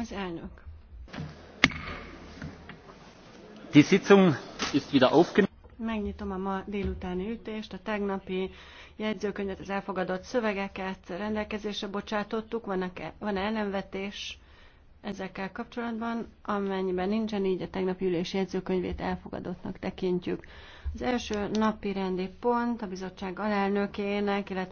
Az elnök. Die Sitzung ist wieder Megnyitom a ma délutáni ütést, a tegnapi jegyzőkönyvet, az elfogadott szövegeket rendelkezésre bocsátottuk, van-e van -e ellenvetés ezekkel kapcsolatban, amennyiben nincsen így a tegnapi ülés jegyzőkönyvét elfogadottnak tekintjük. Az első napi rendi pont a bizottság alelnökének, illetve